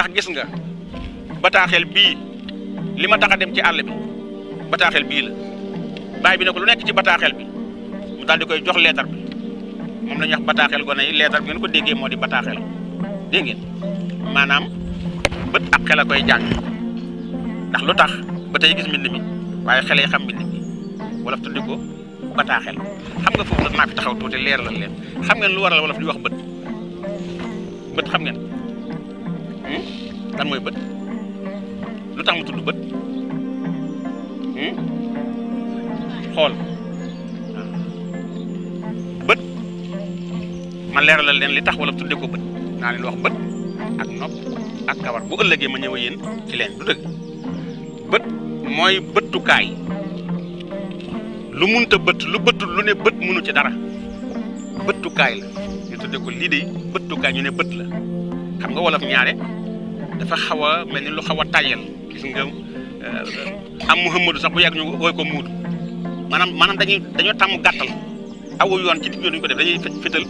ndax gis nga bataaxel bii li ma tax a dem ci àll bi bataaxel bii la baay bi ne ko lu nekk ci bataaxel bi mu daal di koy jox leetar bi moom la ñuy wax bataaxel gone yi leetar bi ngeen ko déggee moo di bataaxel dégg ngeen maanaam bët ak xel koy jàng ndax lu tax ba gis mbind mi waaye xele xam mbind mi wolof tuddi ko bataaxel xam nga foofu nag naa fi taxaw tuuti leer la leen xam ngeen lu waral wolof li wax bët bët xam ngeen. kan hmm? mooy bët lu tax mu tudd bët hmm? xool bët ma la leen li tax wala tudde ko bët naa leen wax bët ak nopp ak kawar bu ëllëgee ma ñëw yéen ci leen du dëgg bët mooy bëttukaay lu munta bët lu bëttul lu ne bët munu ci dara bëtukaay la ñu tudde ko lii de bëttukaay ñu ne bët la xam nga wolof ñaare dafa xaw a mel ni lu xaw a tàyyal gis nga euh, am Muhammadu sax bu yàgg ñu wooy ko muudu maanaam maanaam dañu dañoo tàmm gàttal awu yoon ci ko def dañuy fital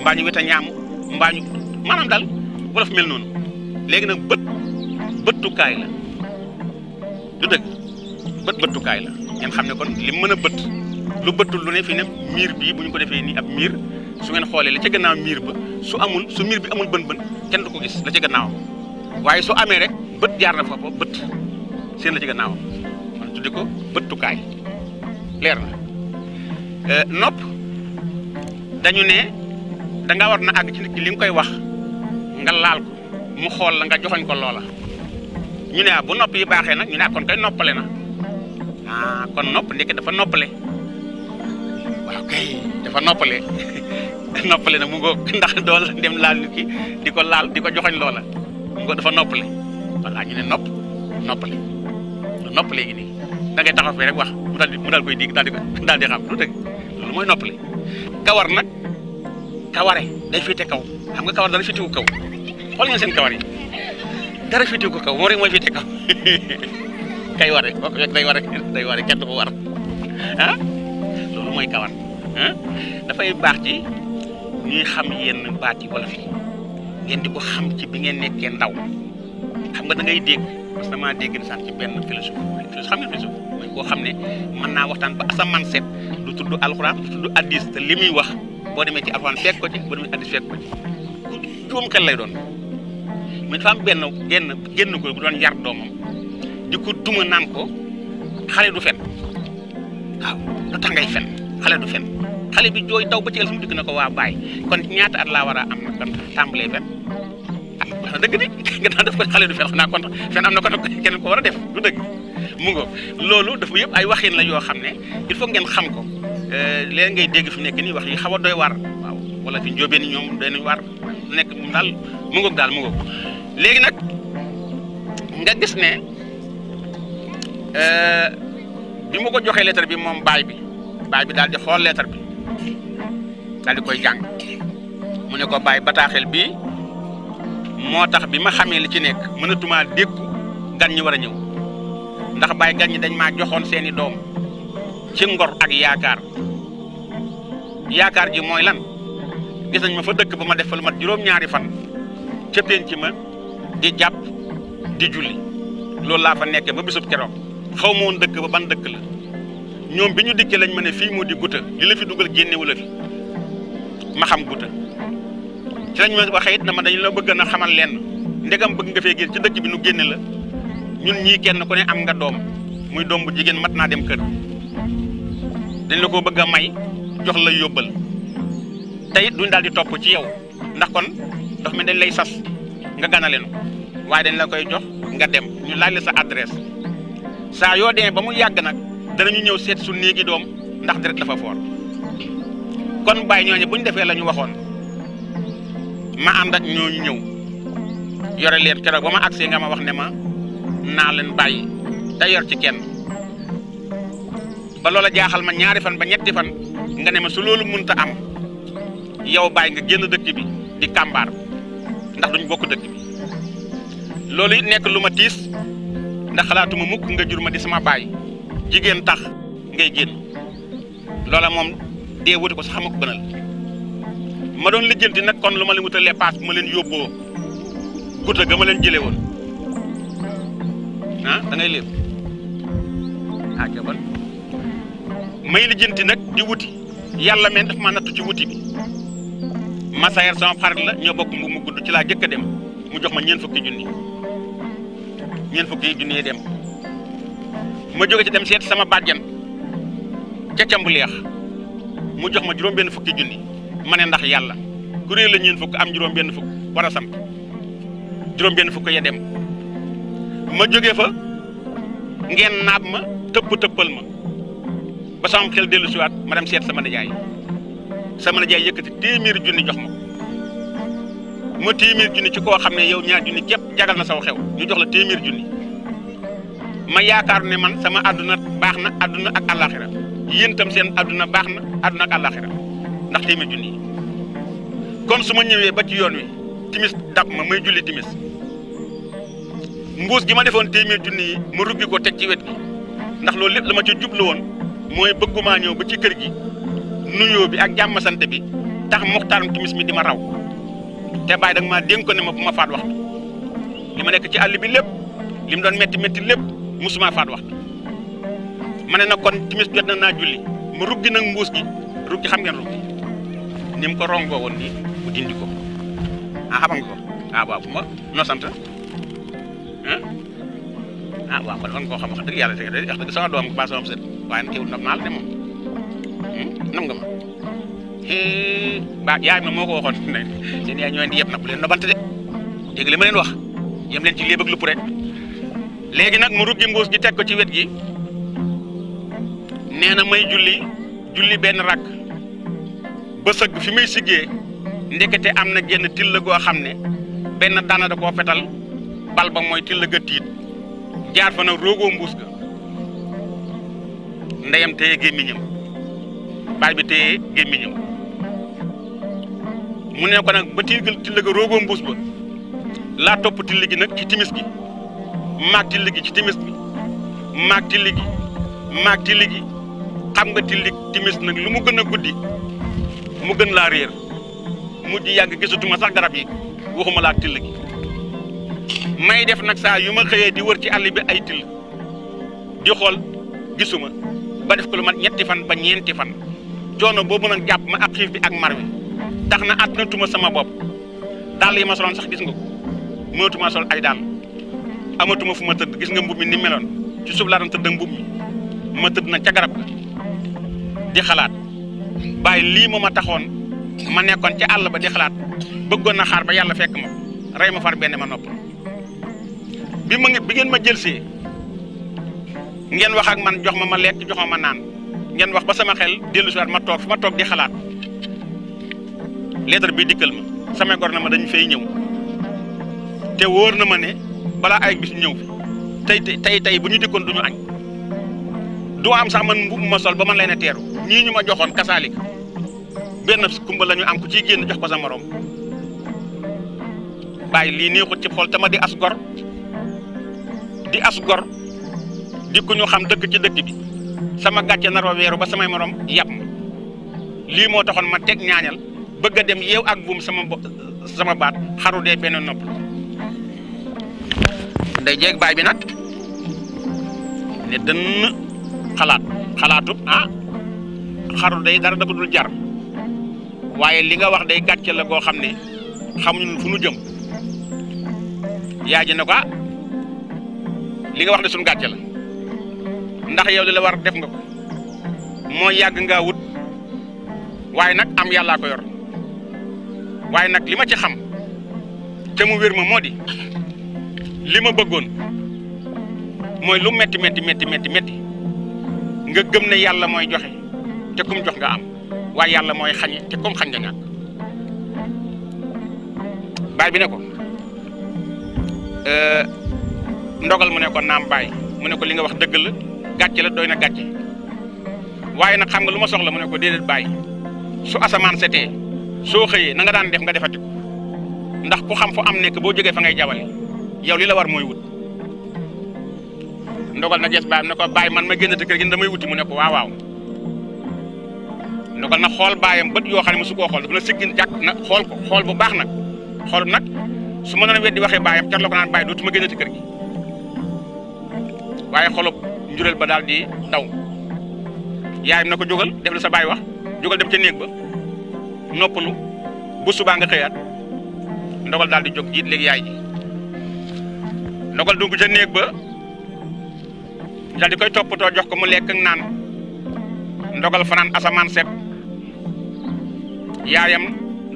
mbaa ñu wet a ñaam maanaam daal wolof mel noonu léegi nag bët bëttukaay la la xam ne kon li mën a bët lu bëttul lu ne fi ne miir bii bu ñu ko defee nii ab miir su ngeen xoolee la ca gannaaw miir ba su amul su miir bi amul bën bën kenn du ko gis la ca gannaawam waaye su amee rek bët jaar na foofa bët seen la ci gannaawam man tuddi ko bëttukaay leer na euh, nopp dañu ne da war na àgg ci nit li nga koy wax nga laal ko mu xool la nga joxoñ ko loola ñu ne ah, bu nopp yi baaxee nag ñu ne ah, kon koy noppale na ah, kon nopp ndeke dafa noppale dafa noppale noppale na mu ngoog ndax dool dem laal nit ki di ko laal di ko joxoñ loola ko dafa noppale voilà ñu ne nopp noppale lu noppale gi nii da ngay taxaw rek wax mu daal di mu daal koy dégg daal di daal xam lu dëgg loolu mooy noppale kawar nag kaware day féete kaw xam nga kawar dara féete kaw xool ngeen seen ko kaw moom rek mooy féete kaw kay war rek day war rek day war ko war ah? loolu mooy kawar ah? dafay baax ci ñuy xam yenn baat yi wala ngeen di ko xam ci bi ngeen nekkee ndaw xam nga da ngay dégg parce que damaa dégg sax ci benn philosophe philosophe xam nga philosophe mooy koo xam ne mën naa waxtaan ba asamaan set du tudd alxuraan du tudd addis te li muy wax boo demee ci alxuraan fekk ko ci boo demee ci addis ko ci juróom lay doon mais dafa am benn genn génn góor bu doon yar doomam di ko duma naan ko xale du fen waaw lu xale du fen xale bi jooy daw ba ci el sama dikk ko waa bàyyi kon ñaata at laa war a am nag ban tàmbalee fen wax na dëgg de nga daan ko xale du fen xam naa fen am na ko nag kenn ko war a def du dëgg mu ngo loolu dafa yëpp ay waxin la yoo xam ne il faut ngeen xam ko euh, léeg ngay dégg fi nekk nii wax yi xaw a doy waar waaw wala fi njóobeen ñoom doy nañu waar nekk mu daal mu daal mu ngoog léegi nag nga gis ne euh, bi mu ko joxee lettre bi moom baay bi baay bi daal di xool lettre bi daal di koy jàng mu ne ko baay bataaxel bi moo tax bi ma xamee li ci nekk mënatumaa dékku gan ñi war a ñëw ndax bàyyi gan ñi dañ maa joxoon seeni doom ci ngor ak yaakaar yaakaar ji mooy lan gis ma fa dëkk ba ma defal fa lu mat juróom-ñaari fan ca penc ma di jàpp di julli loolu laa fa nekkee ba bisub keroog xaw ma woon dëkk ba ban dëkk la ñoom bi ñu dikkee lañ ma ne fii moo di guta li la fi dugal génnewu la fi ma xam guta ci lañ ma waxee it na ma dañu la bëgg na xamal lenn ndegam bëgg nga fee génn ci dëkk bi nu génne la ñun ñii kenn ku ne am nga doom muy doom bu jigéen mat naa dem kër dañ la ko bëgg a may jox la yóbbal te it duñ daal di topp ci yow ndax kon ndox mi dañ lay sas nga ganale nu waaye dañ la koy jox nga dem ñu laaj sa adresse saa yoo demee ba mu yàgg nag danañu ñëw seet su néegi doom ndax deret dafa foor kon bàyyi ñooñu bu ñu defee la ñu waxoon. ma ànd ak ñooñu ñëw yore leen keroog ba ma agsee nga ma wax ne ma naa leen bàyyi te yor ci kenn ba loola jaaxal ma ñaari fan ba ñetti fan nga ne ma su loolu mënta am yow bàyyi nga génn dëkk bi di kàmbaar ndax duñ bokk dëkk bi loolu nekk lu ma tiis ndax xalaatuma mukk nga jur ma di sama baay jigéen tax ngay génn loola moom dee wuti ko sax ma ko gënal ma doon lijjanti nag kon lu ma leen wutalee paas bu ma leen yóbboo gudda ga ma leen jëlee woon ah da léeb ah jabal may lijjanti nag di wuti yàlla men daf ma nattu ci wuti bi masayer sama xarit la ñoo bokk mu gudd ci laa jëkk a dem mu jox ma ñeen fukki junni ñeen fukki junni yi dem ma jóge ci dem seet sama bàjjan ca cambu leex mu jox ma juróom benn fukki junni ma ne ndax yàlla kuréel la ñeen fukk am juróom benn fukk war a samp juróom benn fukk ya dem ma jóge fa ngeen naab ma tëpp tëppal ma ba sama xel dellu siwaat ma dem sama nijaay sama nijaay yëkkati téeméeri junni jox ma ma téeméer junni ci koo xam ne yow ñaar junni képp jagal na saw xew ñu jox la téeméer junni ma yaakaar ne man sama àdduna baax na àdduna ak àllaaxira yéen seen àdduna baax na àdduna ak àllaaxira ndax téeméer junni kon su ma ñëwee ba ci yoon wi timis dab ma may julli timis mbuus gi ma defoon téeméer junni yi ma rubbi ko teg ci wet gi ndax loolu lépp la ma ci jublu woon mooy bëggumaa ñëw ba ci kër gi nuyoo bi ak jàmm sant bi tax muxtaarum timis mi di ma raw te bàyyi da maa dénk ne ma bu ma faat waxtu li ma nekk ci àll bi lépp li mu doon metti métti lépp musuma faat waxtu ma ne na kon timis jot na naa julli ma ruggi nag mbuus gi ruggi xam ngeen ruggi ni mu ko rongoo woon nii mu dindi ko ah xam ko ah waaw bu ma noo sant ah waaw kon koo xam wax dëgg yàlla te wax dëgg sama doom ba sama set waaye nag teewul ndox naa la de moom hmm? nam nga ma ba yaay ma moo ko waxoon ne seen a ñoo leen di yeb nag bu leen nobante de dégg li ma leen wax yem ci léeb ak rek léegi nag mu ruggi mbuus gi teg ko ci wet gi nee na may julli julli benn rakk. ba sëgg fi may siggee ndekete am na genn till goo xam ne benn dana da koo fetal bal ba mooy till ga tiit jaar fa nag roogoo mbuus ga ndeyam téye gémmiñam baay bi téye gémmiñam mu ne ko nag ba till till ga roogoo mbuus ba laa topp till gi nag ci timis gi maag till gi ci timis gi maag till gi maag till gi xam nga till timis nag lu mu gën a guddi mu gën laa réer mujj yàgg gisatuma sax garab yi waxuma laa till gi may def nag saa yu ma xëyee di wër ci àll bi ay till di xool gisuma ba def ko lu mat ñetti fan ba ñeenti fan coono boobu nag jàpp ma ak xiif bi ak mar wi tax na àttanatuma sama bopp dàll yi ma soloon sax gis nga ko mënatuma sol ay dàll amatuma fu ma tëdd gis nga mbub mi ni meloon ci suuf laa doon tëdd mbub mi ma tëdd nag ca garab ga di xalaat waaye lii moo ma taxoon ma nekkoon ci àll ba di xalaat bëggoon na xaar ba yàlla fekk ma rey ma far benn ma nopp bi ma bi ngeen ma jëlsee ngeen wax ak man jox ma ma lekk jox ma ma naan ngeen wax ba sama xel dellu si ma toog fu ma toog di xalaat lettre bi dikkal ma samay gor na ma dañ fay ñëw te wóor na ma ne balaa ay bis ñëw tey tey tey bu ñu dikkoon du ñu añ du am sax man mbubb ma sol ba man leen a teeru ñii ñu ma joxoon kasaali benn kumba la ñu am ku ciy génn jox ko sa morom bàyyi lii neexut ci xol tama di as gor di as gor di ku ñu xam dëkk ci dëkk bi sama gàcce naroo weeru ba samay moroom yàpp ma lii moo taxoon ma teg ñaañal bëgg dem yeew ak buum sama sama baat xaru dee benn nopp ndey jeeg baay bi nag ne dënn xalaat xalaatub ah xaru day dara da ko dul jar waaye li nga wax day gàcce la goo xam ne xamuñu fu nu jëm yaay ji ne ah, li nga wax de suñu gàcce la ndax yow li la war def nga ko moo yàgg ngaa wut waaye nag am yàllaa yor waaye nag li ma ci xam te mu wér ma moo di li ma bëggoon mooy lu metti metti metti metti metti nga gëm ne yàlla mooy joxe te kum jox nga am waaye yàlla mooy xañe te kum xañ nga ñàkk baay bi ne ko euh, ndogal mu ne ko naam baay mu ne ko li nga wax dëgg la gàcce la doy na gàcce waaye nag xam nga lu ma soxla mu ne ko déedéet baay su asamaan setee soo xëyee na nga daan def nga defati ko ndax ku xam fu am nekk boo jógee fa ngay jawale yow li la war mooy wut ndogal na gees baay mu ne ko baay man ma génn te kër gi damay wuti mu ne ko waawaaw dogal na xool baayam bët yoo xam ne mosu koo xool dafa na siggin jàkk na xool ko xool bu baax nag xool nag su ma doon weddi waxee baayam car la ko naan bàyyi dootuma génn ci kër gi waaye xolub njureel ba daal di daw yaayam na ko jógal def la sa baay wax jógal def ca néeg ba noppalu bu subaa nga xëyaat ndogal daal di jóg jiit léegi yaay ji ndogal dugg ca néeg ba daal di koy toppatoo jox ko mu lekk ak naan ndogal fanaan asamaan set yaayam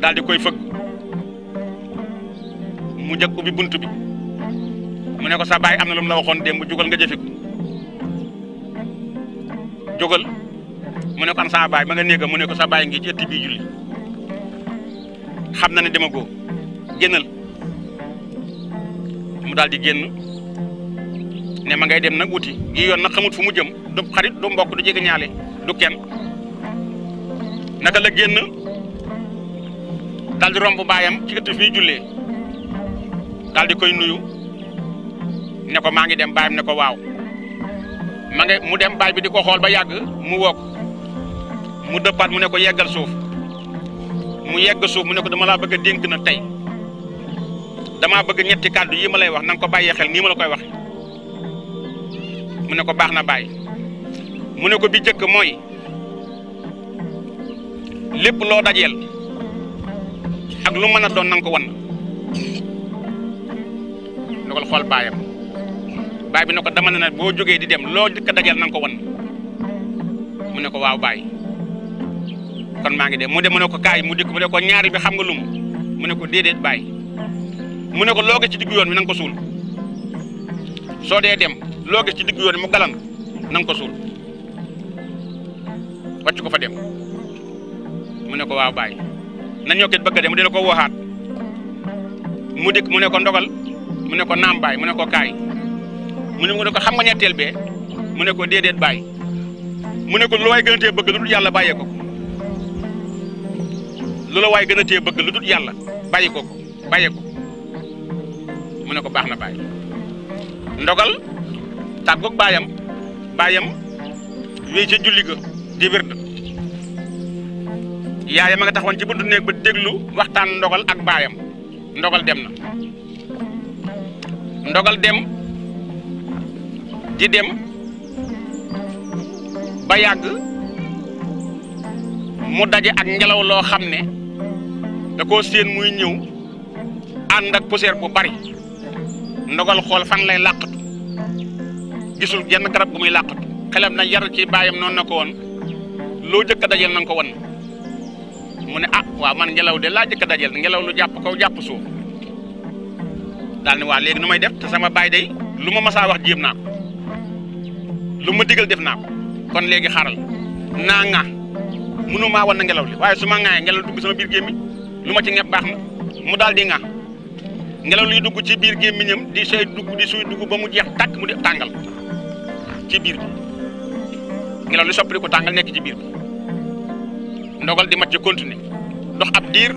daal di koy fëgg mu njëkk ubbi bunt bi mu ne ko sa baay am na lu mu la waxoon démb jugal nga jëfe ko jógal mu ne am sa baay ma nga néega mu ne sa baay ngi ci ëtt xam na ne dama ko génnal mu daldi génn ne ma ngay dem nag wuti gi yoon nag xamut fu mu jëm du xarit du mbokk du jege ñaale du kenn naka la génn daal di romb baayam ci ëtt fi ñuy daal di koy nuyu ne ko maa ngi dem baayam ne ko waaw ma mu dem baay bi di ko xool ba yàgg mu woo mu dëppaat mu ne ko yeggal suuf mu yegg suuf mu ne ko dama laa bëgg a dénk na tey damaa bëgg ñetti kàddu yi ma lay wax na ko bàyyee xel nii ma la koy wax mu ne ko baax na baay mu ne ko bi jëkk mooy lépp loo dajeel ak lu mën a doon na nga ko wan dogal xool baayam baay bi ne ko dama ne boo jógee di dem loo jëkk a dajal ko wan mu ne ko waaw baay kon maa ngi dem mu dem mu ne ko kaay mu dikk mu ne ko ñaari bi xam nga lum mu ne ko déedéet baay mu ne ko loo ci diggu yoon bi na ko suul soo dee dem loo gis ci diggu yoon mu galan na ko suul wàcc ko fa dem mu ne ko waaw baay na ñokket bëgg de mu dina ko waxaat mu dikk mu ne ko ndogal mu ne ko naam baay mu ne ko kaay mu ne ko xam nga ñetteel bee mu ne ko déedéet baay mu ne ko lu waay gën a bëgg lu dul yàlla bàyyee ko ko lu la waay gën a tee lu dul yàlla bàyyi ko ko bàyyee mu ne ko baax na baay ndogal tàggoog baayam baayam wéy ca ga di yaayam ma nga taxawoon ci buntu néeg ba déglu waxtaan ndogal ak baayam ndogal dem na ndogal dem di dem ba yàgg mu daje ak ngelaw loo xam ne da koo séen muy ñëw ànd ak poussière bu bari ndogal xool fan lay làqatu gisul genn garab gu muy làqatu xelam na yar ci baayam noonu na ko woon loo jëkk a dajeel na nga ko won mu ne ah waaw man ngelaw de laa jëkk dajal ngelaw lu jàpp kaw jàpp suuf daal ni waa léegi nu may def te sama baay day lu ma masaa wax jéem naa ko lu ma digal def naa kon léegi xaaral naa ŋa mënu maa wan na ngelaw li waaye su ma ŋaayee ngelaw dugg sama biir gémmiñ lu ma ci ñepp baax na mu daal di ŋa ngelaw liy dugg ci biir gémmiñam di sooy dugg di suy dugg ba mu jeex tàkk mu def tàngal ci biir bi ngelaw li soppi ko tàngal nekk ci biir bi ndogal di màcc continuer dox ab diir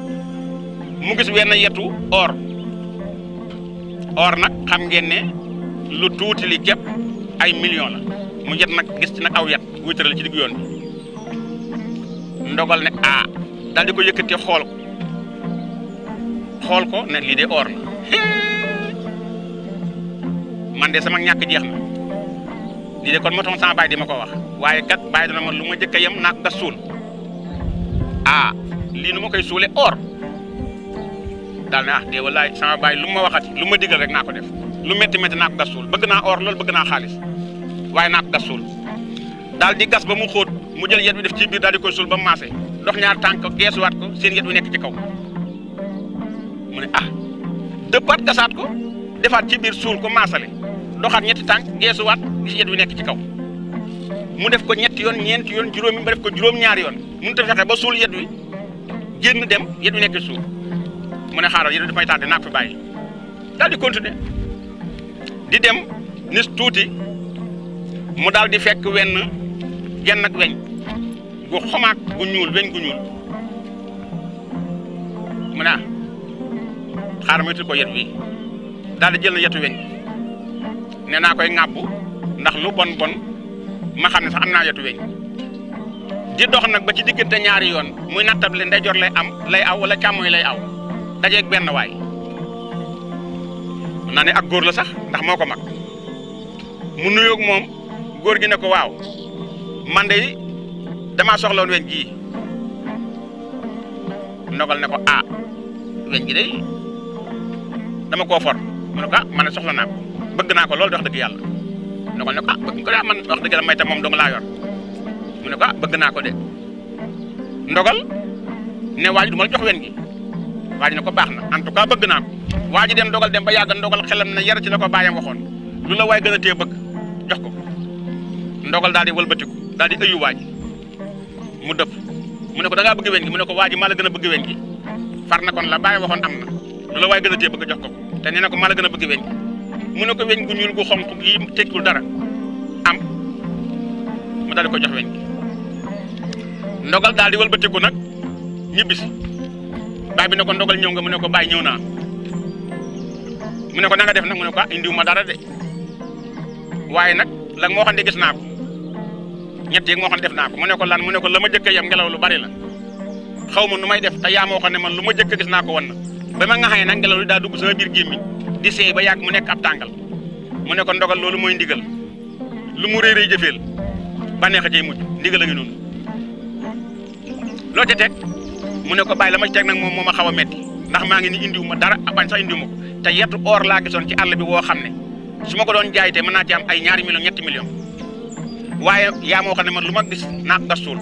mu gis wenn yetu or or nag xam ngeen ne lu tuuti li képp ay million la mu yet nag gis ci nag aw yet wéetal ci digg yoon bi ndogal ne a daal di ko yëkkati xool ko xool ko ne lii de or la man de sama ñàkk jeex na lii de kon ma sama baay di ma ko wax waaye kat baay dana ma lu ma jëkk a yem naa ko suul ah lii nu ma koy suule or daal ne ah dee wallaay sama lu ma waxati lu ma digal rek naa ko def lu métti métti naa ko gas suul bëgg naa or loolu bëgg naa xaalis waaye naa ko gas suul daal di gas ba mu xóot mu jël yet bi def ci biir daal di koy suul ba maase dox ñaar tànk geesuwaat ko seen yet bi nekk ci kaw mu ne ah dëppaat gasaat ko defaat ci biir suul ko maasale doxaat ñetti tànk geesuwaat gis yet nekk ci kaw mu def ko ñetti yoon ñeenti yoon juróomi ba ko juróom-ñaari yoon mënut te fexe ba suul yet wi génn dem yet wi nekk suuf mu ne xaaral yet wi dafay tardé naa ko fi bàyyi daal di continuer di dem nis tuuti mu daal di fekk wenn genn ak weñ gu xomaak gu ñuul weñ gu ñuul mu ne ah xaaral ma ko yet wi daal di jël na yetu weñ ne naa koy ŋàbbu ndax lu bon bon ma xam ne sax am naa yetu weñ di dox nag ba ci diggante ñaari yoon muy nattable ndeyjoor lay am lay aw wala càmmoñ lay aw dajeeg benn waay mën naa ne ak góor la sax ndax moo ko mag mu nuyoog moom góor gi ne ko waaw man de damaa soxla woon weñ gii ne ko ah weñ gi day dama koo for mu ne ko ah man soxla naa ko naa ko loolu wax dëgg yàlla ndogal ne ko ah bëgg ko daa ah, man wax dëgg yàlla may te moom dong laa yor mu ne ko ah bëgg naa ko de ndogal ne waa du ma la jox wen gi waa ne ko baax na en tout cas bëgg naa ko waa ji dem ndogal dem ba yàgg ndogal xelam na yar ci la ko bàyyam waxoon lu la waay gën a téye bëgg jox ko ndogal daal di wëlbatiku daal di ëyu waa ji mu dëpp mu ne ko da ngaa bëgg wen mu ne ko waa ji maa la gën a bëgg wen gi far na kon la bàyyam waxoon am na lu la waay gën a jox ko te nee na ko maa la gën a bëgg wen mu ne ko weñ gu ñuul gu xonq yi tekkiwul dara am mu jox weñ ndogal daal di wal wëlbatiku nag ñibbis baay bi ne ko ndogal ñëw nga mu ne ko baay ñëw naa mu ne ko na def nag mu ne ko ah indiwuma dara de waaye nag lan moo xam ne gis naa ko ñett yi xam def naa ko mu ne ko lan mu ne ko la ma jëkk yam ngelaw lu bari la xaw ma nu may def te yaa moo xam ne man lu ma jëkk gis naa ko wan na ba ma nga xamee nag ngelaw li daa dugg sama biir gémmiñ di seey ba yàgg mu nekk ab tàngal mu ne ko ndogal loolu mooy ndigal lu mu réeréy jëfeel bànneex a cay mujj loo ca teg mu ne ko bàyyi la ma ci teg nag moom moo ma xaw a metti ndax maa ngi ni indiwu ma dara abañ sax indiwu ma ko te yetu or laa gisoon ci àll bi woo xam ne su ma ko doon jaay te mën naa ci ay ñaari million ñetti million waaye yaa moo xam ne man lu ma gis naa gas suul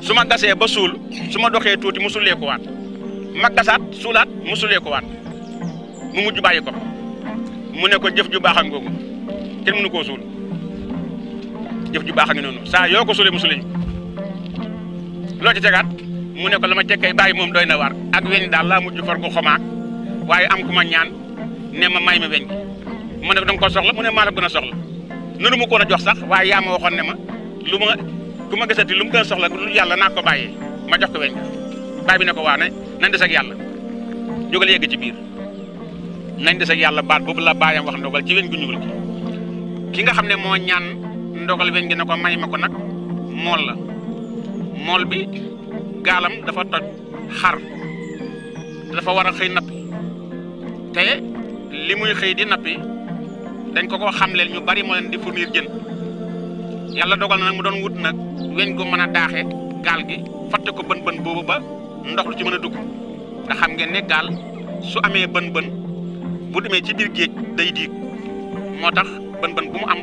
su ma gasee ba suul su ma doxee tuuti mu sulee ko waat ma gasaat suulaat mu sulee ko waat mu mujj bàyyi ko mu ne ko jëf ju baax a ngoogu kenn mënu suul jëf ju baax a noonu saa yoo ko suulee mu loo ci tegaat mu ne ko la ma tekkay bàyyi moom doy na war ak weñ daal laa mujj far gu xomaak waaye am ku ma ñaan ne ma may ma weñ mu ne ko danga ko soxla mu ne maa la gën a soxla nunu mu ko a jox sax waaye yaa ma waxoon ma lu ma ku ma gisati lu mu gën a soxla lu yàlla naa ko bàyyee ma jox ko weñ baay bi ne ko waa ne nañ des yàlla jógal yegg ci biir nañ yàlla baat boobu la baayam wax ndogal ci weñ gu ñuul ki nga xam ne moo ñaan ndogal weñ gi ne ko may ma ko nag mool la mool bi gaalam dafa toj xar dafa war a xëy nappi te li muy xëy di nappi dañ ko ko xamleel ñu bari moo leen di fournir jën yàlla dogal na nag mu doon wut nag weñ ko mën a daaxee gaal gi fatte ko bën bën boobu ba ndox ci mën a dugg nga xam ngeen ne gaal su amee bën bën bu demee ci biir géej day diig moo tax bën bën bu mu am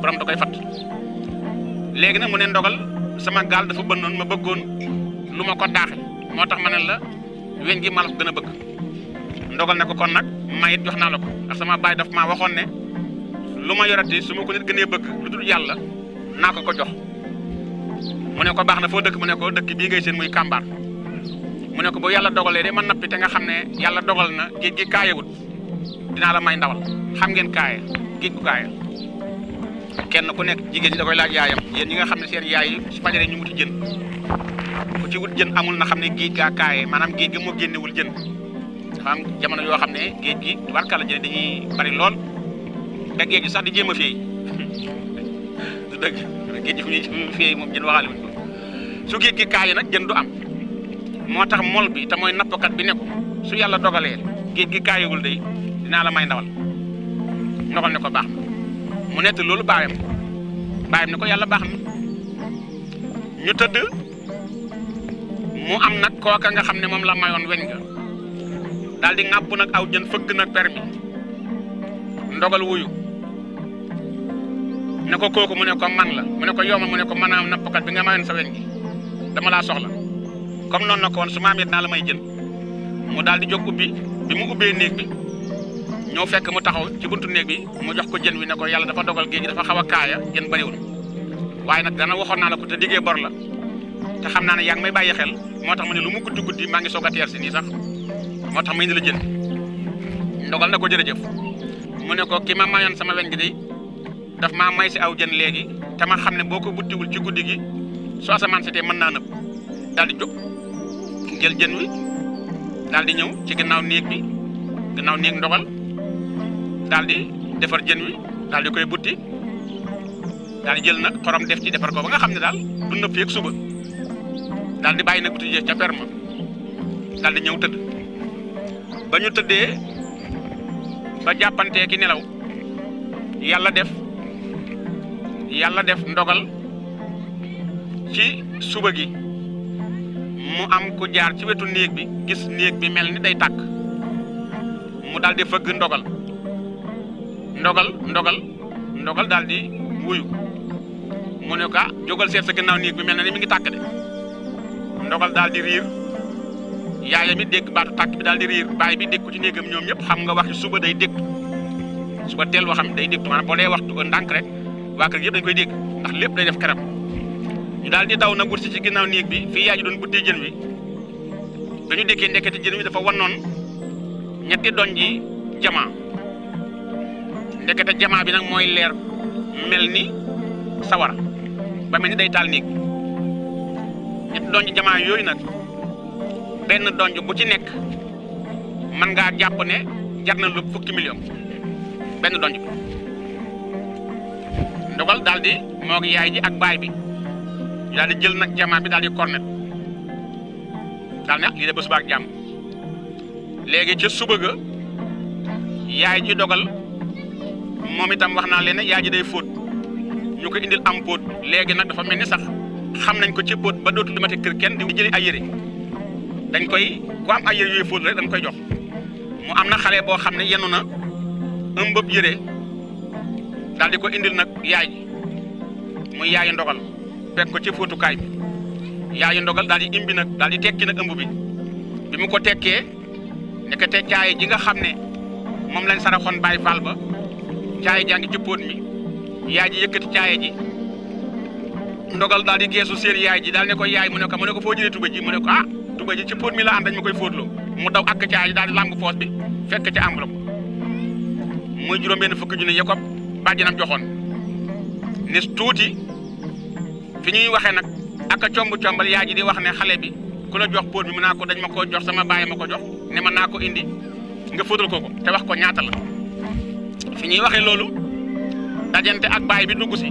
borom da koy fatt léegi nag mu ne ndogal sama gaal dafa bënnoon ma bëggoon lu ma ko daaxe moo tax ma ne la weñ gi maa la ko gën a bëgg ndogal ne ko kon nag ma it jox naa la ko ndax sama baay dafa ma waxoon ne lu ma yorati su ma ko nit gënee bëgg lu dul yàlla naa ko ko jox mu ne ko baax na foo dëkk mu ne ko dëkk bii ngay seen muy kàmbaar mu ne ko bu yàlla dogalee de ma nappi te nga xam ne yàlla dogal na géej gi kaayewut dinaa la may ndawal xam ngeen kaaye géej gu kaaye kenn ku nekk jigéen ñi da koy laaj yaayam yéen ñi nga xam ne seen yaay yi su fajaree ñu wuti jën ku ci wut jën amul na xam ne géej gaa kaayee maanaam géej gi moo génnewul jën dafa jamono yoo xam ne géej gi warkala jën dañuy bari lool te géej sax di jéem a féey du dëgg géej gi moom jën waxaale wuñ ko su jën du am moo tax mol bi te mooy nappkat bi ne su yàlla dogalee géej gi kaayewul day dinaa la may ndawal ndogal ne ko baax mu nett loolu baayam baayam ni ko yàlla baax na ñu tëdd mu am nag kooka nga xam ne moom la mayoon weñ nga daal di ŋàpp nag aw jën fëgg nag permis ndogal wuyu ne ko kooku mu ne ko man la mu ne ko yow ma mu ne ko mën a nappkat bi nga am sa weñ gi dama laa soxla comme noonu na ko su ma naa dinaa la may jën mu daal di jóg ubbi bi mu ubbee néeg bi ñoo fekk mu taxaw ci buntu néeg bi mu jox ko jën wi ne ko dafa dogal géej dafa xaw a kaaya jën bëriwul waaye nag dana waxoon naa la ko te liggéey bor te xam naa ne yaa ngi may bàyyi xel moo tax ma ne lu mu guddi guddi maa ngi soog a teer si nii sax moo tax ma indi la jën ndogal na ko jërëjëf mu ne ko ki ma mayoon sama wen gi di daf maa may si aw jën léegi te xam ne boo ko buddiwul ci guddi gi soo asamaan si tee mën naa nëb daal di jóg jël jën wi daal di ñëw ci gannaaw néeg bi daal di defar jën wi daal koy butti daal jël nag xorom def ci defar ko ba nga xam ne daal du nëb suba daal di bàyyi na uti ca perma daal ñëw tëdd ba ñu tëddee ba jàppantee ki nelaw yàlla def yàlla def ndogal ci suba gi mu am ku jaar ci wetu néeg bi gis néeg bi mel ni day tàkk mu daal di fëgg ndogal ndogal ndogal ndogal daal di wuyu mu ne ko ah, jógal seet sa ginnaaw néeg bi mel na ni mi ngi tàkk de ndogal daal di riir yaayam it dégg baatu tàkk bi daal di riir baay bi dékku ci néegam ñoom ñëpp xam nga wax waxi suba day dégg suba teel waxam day dégg maanaam boo dee waxtu ndànk rek waa kër yëpp dañ koy dégg ndax lépp day def keram ñu daal di daw nag wut si ci ginnaaw néeg bi fii yaay ji doon buddee jën wi dañu dékkee ndekkete jën wi dafa wannoon ñetti doñ ji ndekete jamaa bi nag mooy leer mel ni sawar ba mel ni day taal néeg ñett donj jamaa yooyu nag benn donj bu ci nekk mën nga jàpp ne jar na lu fukki million benn donj bi ndogal daal di yaay ji ak baay bi ñu daal di jël nag jamaa bi daal di cornet daal ne lii de ba suba ak léegi ca yaay ji dogal moom itam wax naa leen ne yaa ji day fóot ñu ko indil am póot léegi nag dafa mel ni sax xam nañ ko ci póot ba dootul demati kër kenn di jëli ay yére dañ koy ku am ay yére yooyu fóot rek dañ koy jox mu am na xale boo xam ne yenu na ëmbëb yére daal di ko indil nag yaay ji muy yaayu ndogal fekk ko ci fóotukaay bi yaayu ndogal daal di imbi nag daal di tekki nag ëmb bi bi mu ko tekkee nekk te jaaye ji nga xam ne moom lañ saraxoon bàyyi faal ba caaye jaa ngi ci póot mi yaay ji yëkkati caaye ji daal di geesu seen yaay ji daal ne ko yaay mu ne ko mu ne ko foo jëlee tuba ji mu ne ko ah tuba ji mi la am dañ ma koy fóotloo mu daw ak caaye ji daal di làng foos bi fekk ca enveloppe muy juróom benn fukki junni yakob bàjjanam joxoon ne tuuti fi ñuy waxee nag ak comb combal yaay ji di wax ne xale bi ku la jox póot mi mu naa ko dañ ma ko jox sama baay ma ko jox ne ma naa ko indi nga fóotal ko ko te wax ko ñaata la fi ñuy waxee loolu dajante ak baay bi dugg si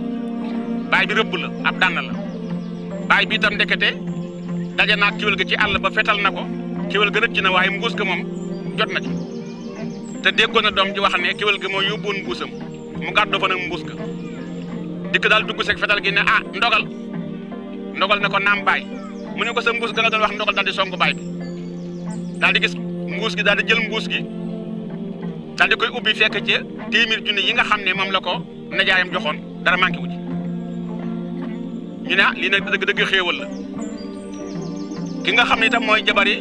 baay bi rëbb la ab dànn la baay bi itam ndekete daje naa ga ci àll ba fetal na ko kiwal ga rëcc na waaye mbuus ga moom jot na ci te déggoon na doom ji wax ne kiwal ga moo yóbbuwoon mbuusam mu gàddoo fa nag mbuus ga dikk daal dugg seeg fetal gi ne ah ndogal ndogal ne ko naam baay mu ne ko sa mbuus ga nga doon wax ndogal daal di songu baay bi daal di gis mbuus gi daal di jël mbuus gi. daal di koy ubbi fekk ca téeméer junni yi nga xam ne moom la ko jaayam joxoon dara manqué wu ci ñu ne ah, lii nag dëgg-dëgg xéewal la ki nga xam ne itam mooy jabari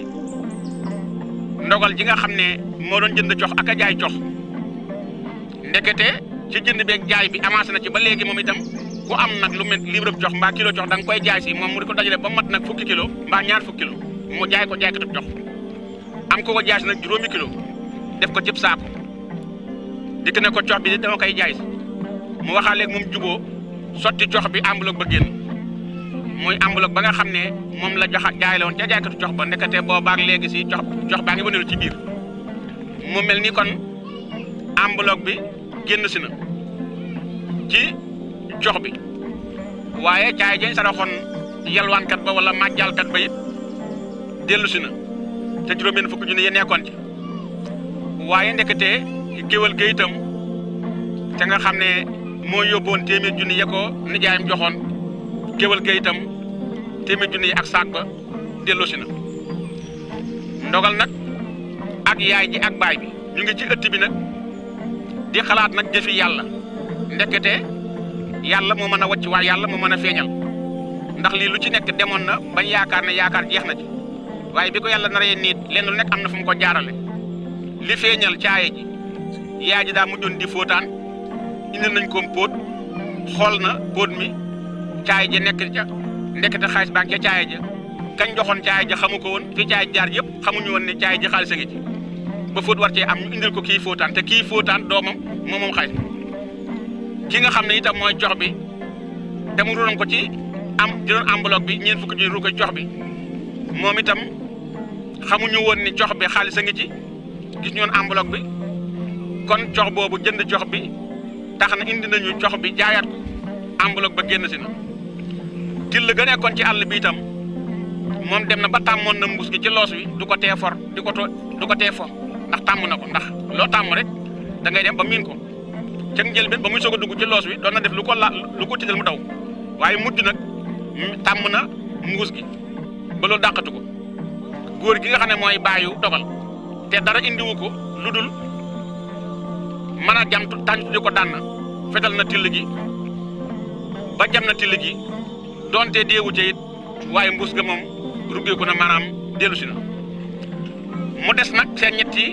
ndogal ji nga xam ne moo doon jënd cox ak a jaay cox ndekete ci jënd beeg jaay bi avancé na ci ba léegi moom itam ku am nag lu mel libre cox mbaa kilo cox da nga koy jaay si moom mu de ko dajale ba mat nag fukki kilo mbaa ñaar fukki kilo mu jaay ko jaay ko cox am ko ko jaay si nag juróomi def ko cib saako. dikk na ko cox bi dama koy jaay mu waxaaleeg moom juboo sotti cox bi ambulog ba génn muy ambulog ba nga xam ne moom la jox jaay la woon ca jaaykatu cox ba ndekete boo baag léegi si cox cox baa ngi wëneelu ci biir mu ni kon ambulog bi génn si na ci cox bi waaye caay ja saraxoon yalwaankat ba wala màjjaalkat ba it si na te juróom benn fukki junni ya nekkoon waaye ndekete géwal ga itam ca nga xam ne moo yóbboon téeméer junni ya ko nijaayam joxoon géwal ga itam téeméer junni yi ak saak ba delloosi na ndogal nag ak yaay ji ak baay bi ñu ngi ci ëtt bi nag di xalaat nag jëfi yàlla ndekete yàlla moo mën a wàcc waaye yàlla moo mën a feeñal ndax lii lu ci nekk demoon na bañ yaakaar ne yaakaar jeex na ci waaye bi ko yàlla naree niit lenn lu nekk am na fu mu ko jaarale li feeñal caaye yaay ji daa mujjoon di fóotaan indi nañ koom póot xool na póot mi caay ja nekk ca ndekete xaalis baa ngi ca caay ja kañ joxoon caay ja xamu ko woon fi caay jaar yëpp xamuñu woon ne caay ja xaalis ngi ci ba fóot war cee am ñu indil ko kii fóotaan te kii fóotaan doomam moom moom xaalis ki nga xam ne itam mooy jox bi dama ruuroon ko ci am di doon enveloppe bi ñeent fukki junni ko jox bi moom itam xamuñu woon ni jox bi xaalis a ngi ci gis ñoon enveloppe bi kon cox boobu jënd cox bi tax na indi nañu cox bi jaayaat ko ambaloog ba génn si na till ga nekkoon ci àll bi itam moom dem na ba tàmmoon na mbuus gi ci loos wi du ko tee for di ko to du ko fo ndax tàmm na ko ndax loo tàmm rek da ngay dem ba miin ko ca njëlbeen ba muy soog a dugg ci loos wi doon na def lu ko la lu ko tiital mu daw waaye mujj nag tàmm na mbuus gi ba loolu dàqatu ko góor gi nga xam ne mooy bàyyu dogal te dara indiwu ko lu dul mën a jam tànc di ko dànn fetal na till gi ba jam na till gi donte deewu ca it mbuus ga moom ruggeeku na maanaam dellu si na mu des nag seen ñetti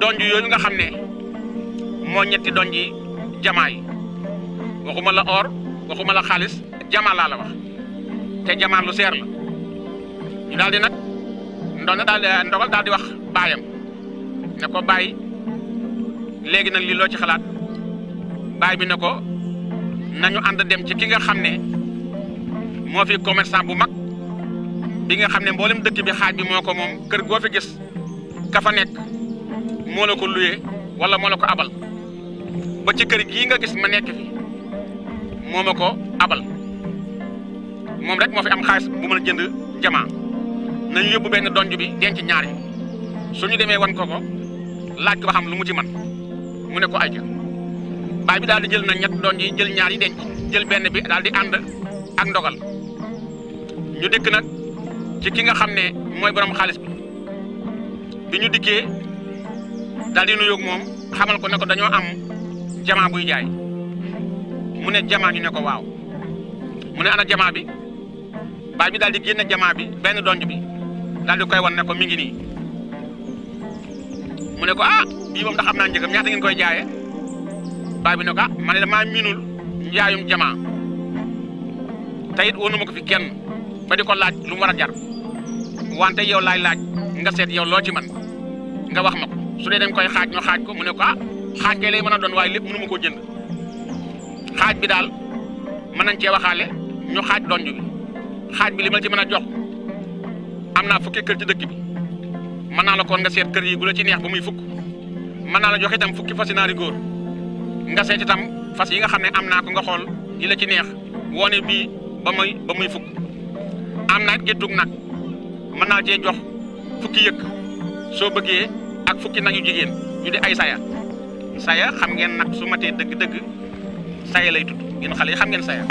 donj yooyu nga xam ne moo ñetti donj yi jamaa yi a la or a xaalis jamaa laa la wax te jamaa lu seer la ñu daal di nag ndox daal ndogal daal di wax baayam ne ko bàyyi léegi nag lii loo ci xalaat baay bi ne ko nañu ànd dem ci ki nga xam ne moo fi commerçant bu mag bi nga xam ne mboolem dëkk bi xaaj bi moo ko moom kër goo fi gis ka fa nekk moo la luye wala moo la ko abal ba ci kër gii nga gis ma nekk fi moo ma ko abal moom rek moo fi am xaalis bu mën a jënd jamaa nañu yóbbu benn donj bi denc ñaar yi suñu demee wan ko ko laaj ko ba xam lu mu ci man mu ne ko aja baay bi daal di jël na ñett doon yi jël ñaar yi denc jël benn bi daal di ànd ak ndogal ñu dikk nag ci ki nga xam ne mooy borom xaalis bi bi ñu dikkee daal di nuyoog moom xamal ko ne ko dañoo am jamaa buy jaay mu ne jamaa ñu ne ko waaw mu ne ana jamaa bi baay bi daal di génne jamaa bi benn donj bi daal di koy wan ne ko mi ngi nii mu ne ko ah bii moom da xam naa njëkkam ñaata ngeen koy jaayee baay bi ne ko ah, dama miinul njaayum jamaa te it wóonu ma ko fi kenn ba di ko laaj lu mu war a jar wante yow laay laaj nga seet yow loo ci man nga wax ma ko su dee dañ koy xaaj ñoo ko mu ne ah, xaaj kay lay mën a doon waaye lépp mënu ma koo jënd xaaj bi daal mën nañ cee waxaale ñu xaaj donj bi xaaj bi li ma ci mën a jox am naa fukki kër ci dëkk bi mën naa la kon nga seet kër yi bu la ci neex ba muy fukk. mën naa la jox itam fukki fasi naari góor nga seet itam fas yi nga xam ne am naa ko nga xool yi la ci neex woone bii ba muy ba muy fukk am naa géttug nag mën naa cee jox fukki yëkk soo bëggee ak fukki nag yu jigéen ñu di ay saya saya xam ngeen nag su matee dëgg-dëgg saya lay tudd ngeen xale yi xam ngeen saya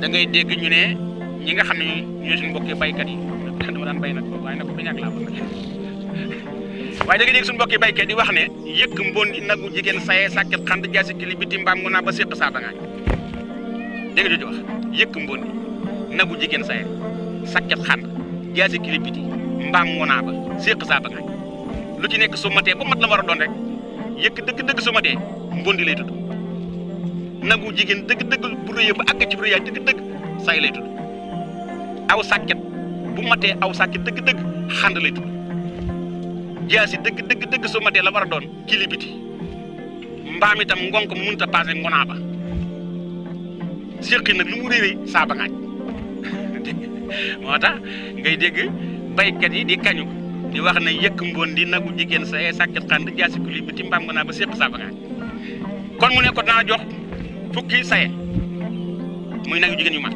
dangay ngay dégg ñu ne ñi nga xam ne ñooy suñu mbokki baykat yi ma daan bay nag waaye nag ku fi ñàkk waaye da nga dégg suñu mbokki béykat di wax ne yëkk mbondi nagu jigéen saye sàkket xand jaasi kili biti mbaam ngu naa ba séq saa wax yëkk mbondi nagu jigéen saye sàkket xand jaasi kili biti mbaam ngu naa ba séq saa dangaa lu ci nekk su matee ba mat na war a doon rek yëkk dëgg dëgg su matee mbondi lay tudd nagu jigéen dëgg dëgg bu rëyee ba àgg ci bu rëyaay dëgg dëgg say lay tudd aw sàkket bu matee aw sàkket dëgg dëgg xand lay tudd jaasi dëgg dëgg dëgg su matee la war a doon kili biti mbaam itam ngonk mënut a passé ngonaa ba séqi lu mu réeré saa moo tax ngay dégg baykat yi di kañu di wax ne yëkk mboon di nagu jigéen sa ee sàkkit xand jaasi kili biti mbaam ngonaa ba séq kon mu ne ko naa jox fukki saye muy nagu jigéen yu mag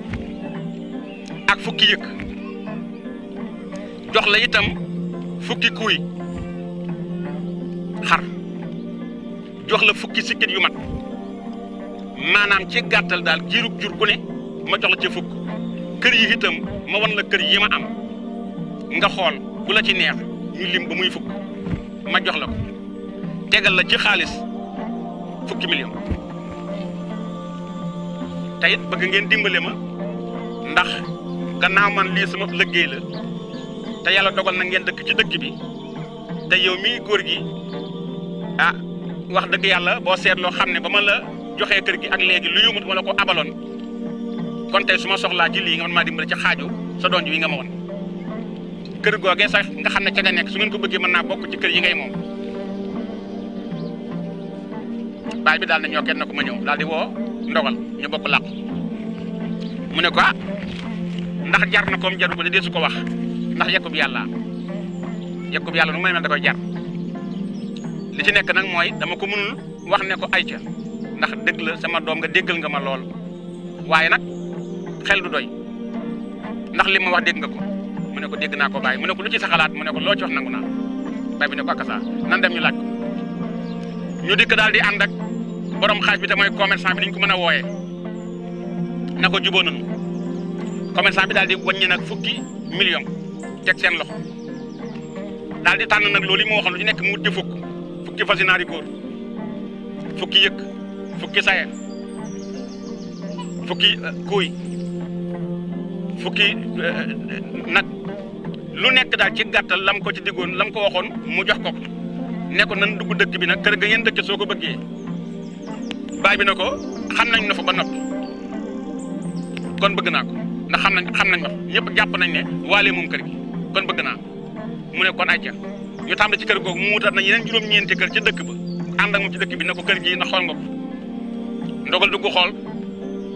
ak fukki yëkk jox la itam fukki kuuy xar jox la fukki sikket yu mat maanaam ci gàttal daal giirug jur gu ma jox la ci fukk kër yi itam ma wan la kër yi ma am nga xool bu la ci neex ñu lim ba muy fukk ma jox la ko tegal la ci xaalis fukki million te it bëgg ngeen dimbale ma ndax gannaaw man lii sama liggéey la te yàlla dogal na ngeen dëkk ci dëkk bi te yow mii góor gi wax dëgg yàlla boo seetloo xam ne ba ma la joxee kër gi ak léegi lu yëngu ma ko abaloon kon tey su ma soxlaa ji lii nga mën maa dimbale ci xaaju sa doon wi nga ma woon kër googee sax nga xam ne ca nga nekk su ngeen ko bëggee mën naa bokk ci kër yi ngay moom. baay bi daal ne ñoo kenn ko ma ñëw daal di woo ndogal ñu bokk làqu mu ne ko ah ndax jar na koom jaru bu dee su ko wax ndax yekkub yàlla yekkub yàlla nu mu mel da koy jar. li ci nekk nag mooy dama ko mënul wax ne ko ayca ndax dëgg la sama doom nga déggal nga ma lool waaye nag xel du doy ndax li ma wax dëgg nga ko mu ne ko dégg naa ko bàyyi mu ne ko lu ci sa mu ne ko loo ci wax nangu naa bàyyi bi ne ko akasa nan dem ñu laaj ñu dikk daal di ànd ak borom xaaj bi te mooy commerçant bi ni ñu ko mën a wooyee na ko jubóo nañu commerçant bi daal di wàññi nag fukki million teg seen loxo daal di tànn nag loolu yi moo waxoon lu ci nekk mu fukki fasi naari góor fukki yëkk fukki sayer fukki euh, kuuy fukki euh, euh, nag lu nekk daal ci gàttal lam ko ci diggoon lam ko waxoon mu jox ko ne ko nan dugg dëkk bi nag kër ga ngeen dëkk soo ko bëggee baay bi na ko xam nañ na fa ba noppi kon bëgg naa ko ndax xam na xam nañ ma fa jàpp nañ ne waale moom kër gi kon bëgg naa mu ne kon ay ca ñu tàmbali ci kër googu mu na nañ yeneen juróom-ñeenti kër ci dëkk ba ànd ak moom ci dëkk bi na ko kër gi na xool nga ko ndogal dugg xool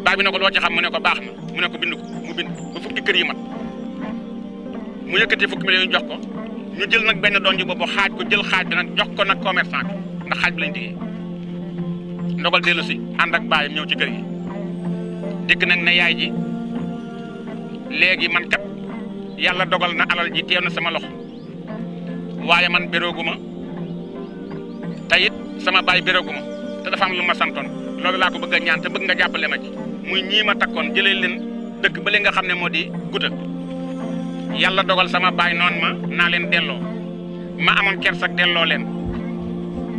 baay bi ne ko doo ci xam mu ne ko baax na mu ne ko bind ko mu fukk ba kër yi mat mu yëkkati fukki million jox ko ñu jël nag benn doon ji boobu xaaj ko jël xaaj bi nag jox ko nag commerçant bi ndax xaaj bi lañ digee ndogal dellu si ànd ak baayam ñëw ci kër gi dikk nag na yaay ji léegi man kat yàlla dogal na alal ji teew na sama loxo waaye man bérooguma te it sama baay bérooguma te dafa am lu ma santoon loolu laa ko bëgg a ñaan te bëgg nga jàppale ma ci muy ñii takkoon jëlee leen dëkk ba li nga xam ne moo di guta yàlla dogal sama baay noonu ma naa leen delloo ma amoon kersak delloo leen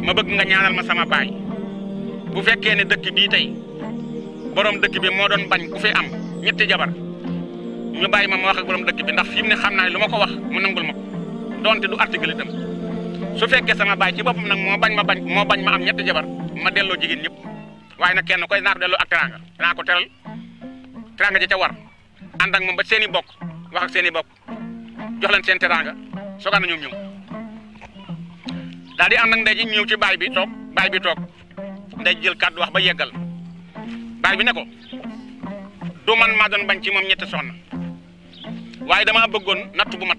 ma bëgg nga ñaanal ma sama baay bu fekkee ne dëkk bii tey borom dëkk bi moo doon bañ ku fi am ñetti jabar ñu bàyyi ma ma wax ak dëkk bi ndax fi ne xam naa lu ma ko wax mu nangul ma ko donte du article su fekkee sama baay ci boppam nag moo bañ ma bañ moo bañ ma am ñetti jabar ma delloo jigéen ñëpp waaye nag kenn koy naa ko delloo ak teraanga naa ko teral teraanga ji ca war ànd ak moom ba seeni i bokk wax ak seen bokk jox leen seen teraanga soogaan na ñoom ñëw daal di ànd ak ndey ji ñëw ci baay bi toog baay bi toog ndey ji jël kàddu wax ba yeggal baay bi ne ko du man maa bañ ci moom ñetti soxna waaye damaa bëggoon natt bu mat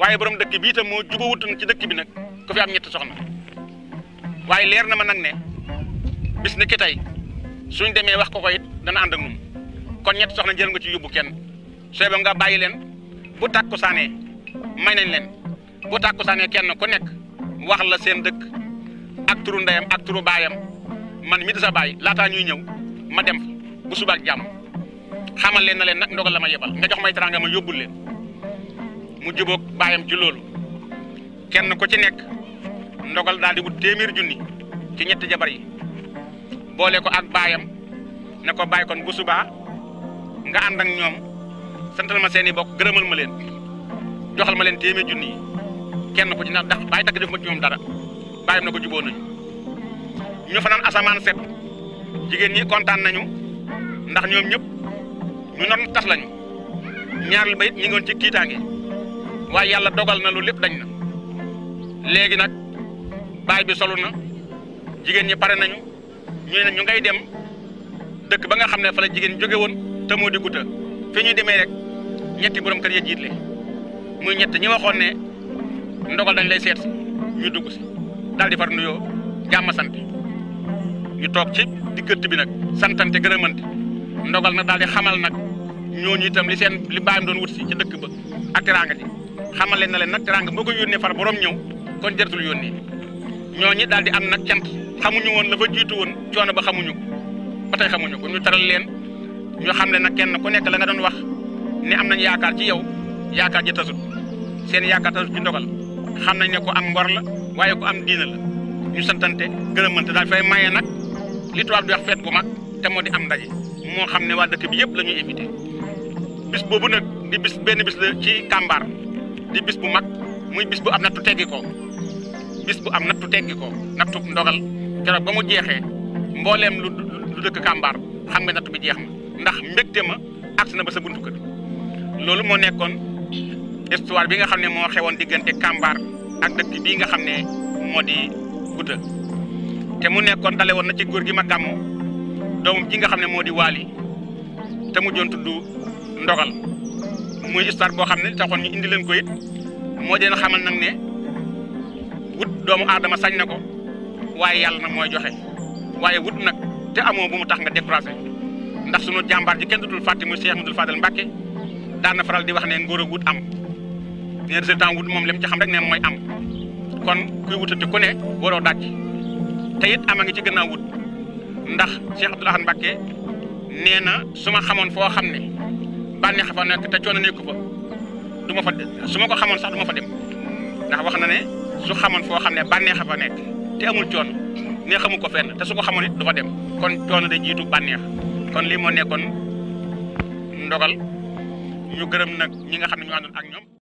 waaye borom dëkk bi itam moo jubawutoon ci dëkk bi nag ku fi am ñetti soxna waaye leer na ma nag ne bis ni ki tey suñ demee wax ko ko dana ànd ak ñun kon ñetti soxna jël nga ci yóbbu kenn sooy ba nga bàyyi leen bu tàkku saanee may nañ leen bu tàkku saanee kenn ku nekk wax la seen dëkk ak turu ndeyam ak turu baayam man mi di sa baay laataa ñuy ñëw ma dem bu suba ak xamal leen na leen nag ndogal la ma yebal nga jox may teraanga ma yóbbul leen. mu jubóog baayam ci loolu kenn ku ci nekk ndogal daal di wut téeméer junni ci ñetti jabar yi boole ko ak baayam ne ko bàyyi kon bu subaa nga ànd ak ñoom santal ma seen i bokk gërëmal ma leen joxal ma leen téeméer junni yi kenn ku ci nekk ndax bàyyi takk def ma dara bàyyam na ko jubóo nañu ñu fanaan asamaan set jigéen ñi kontaan nañu ndax ñoom ñëpp ñu noon tas lañu ñaareel ba it ci kiitaange waa yàlla dogal na lu lépp dañ na léegi nag baay bi solu na jigéen ñi pare nañu ñu ne ñu ngay dem dëkk ba nga xam ne fala jigéen jóge woon te moo di guta fi ñuy demee rek ñetti borom kër ya jiitle muy ñett ñi waxoon ne ndogal dañ lay seet si ñu dugg si daal di far nuyoo jàmm sant ñu toog ci diggante bi nag santante gërëmante ndogal na daal di xamal nag ñooñu itam li seen li baayam doon wut si ca dëkk ba ak xamal leen na leen nag teraanga boo ko yónnee far borom ñëw kon jaratul yónnee ñooñu daal di am nag cant xamuñu woon la fa jiitu woon coono ba xamuñu ko ba tey xamuñu ko ñu taral leen ñu xam leen nag kenn ko nekk la nga doon wax ne am nañ yaakaar ci yow yaakaar ji tasut seen yaakaar tasut ci ndogal xam nañ ne ko am ngor la waaye ko am diina la ñu santante gërëmante daal fay maye nag li tubaab di wax feet gu mag te moo di am ndaje moo xam ne waa dëkk bi yëpp la boobu nag di benn bis la ci kàmbaar di bis bu mag muy bis bu am nattu teggi ko bis bu am nattu teggi ko nattu ndogal keroog ba mu jeexee mbooleem lu lu dëkk kàmbaar xam nga nattu bi jeex na ndax mbégte ma agsi na ba sa buntu loolu moo nekkoon histoire bi nga xam ne moo xewoon diggante kambaar ak dëkk bii nga xam ne moo di Gouta te mu nekkoon dale woon na ci góor gi ma gàmmu doomam ji nga xam ne moo di waali te mu joon tudd ndogal muy histoire boo xam ne taxoon ñu indi leen ko it moo deen xamal nag ne wut doomu aadama sañ na ko waaye yàlla na mooy joxe waaye wut nag te amoo bu mu tax nga décroisé ndax suma jàmbaar ji kenn dutul fàtte muy Cheikh Ahmadou Fadal Mbacké daan na faral di wax ne ngóor wut am ne résultat wut moom li mu ci xam rek ne mooy am kon kuy wutati ku ne waroo dàcc te it ama ngi ci gën a wut ndax Cheikh Abdoul Ahad Mbacké nee na su ma xamoon foo xam ne. bànneex fa nekk te coono nekku fa du ma fa su ma ko xamoon sax du ma fa dem ndax wax na ne su xamoon foo xam ne bànneex fa nekk te amul coono ne xamu ko fenn te su xamoon it du fa dem kon coono da jiitu bànneex kon lii moo nekkoon ndogal ñu gërëm nag ñi nga xam ne ñu àndoon ak ñoom.